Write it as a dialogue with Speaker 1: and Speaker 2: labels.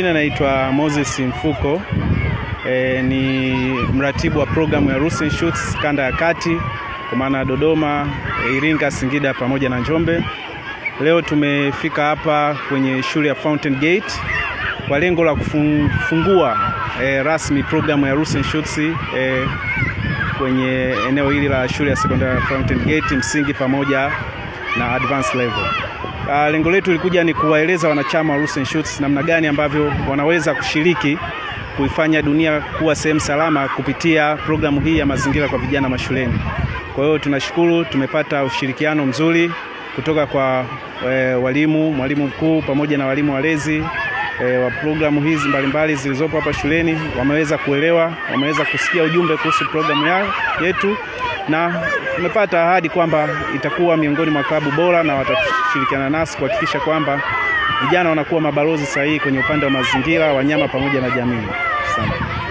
Speaker 1: majina naitwa Moses Mfuko. E, ni mratibu wa programu ya Roots and Shoots kanda ya kati kwa maana Dodoma, Iringa, Singida pamoja na Njombe. Leo tumefika hapa kwenye shule ya Fountain Gate kwa lengo la kufungua e, rasmi programu ya Roots and Shoots e, kwenye eneo hili la shule ya sekondari ya Fountain Gate msingi pamoja na advanced level. Uh, lengo letu lilikuja ni kuwaeleza wanachama wa Roots Shoots namna gani ambavyo wanaweza kushiriki kuifanya dunia kuwa sehemu salama kupitia programu hii ya mazingira kwa vijana mashuleni. Kwa hiyo tunashukuru tumepata ushirikiano mzuri kutoka kwa e, walimu, mwalimu mkuu pamoja na walimu walezi e, wa programu hizi mbalimbali zilizopo hapa shuleni wameweza kuelewa, wameweza kusikia ujumbe kuhusu programu ya, yetu na tumepata ahadi kwamba itakuwa miongoni mwa klabu bora na watashirikiana nasi kuhakikisha kwamba vijana wanakuwa mabalozi sahihi kwenye upande wa mazingira, wanyama pamoja na jamii. Asante.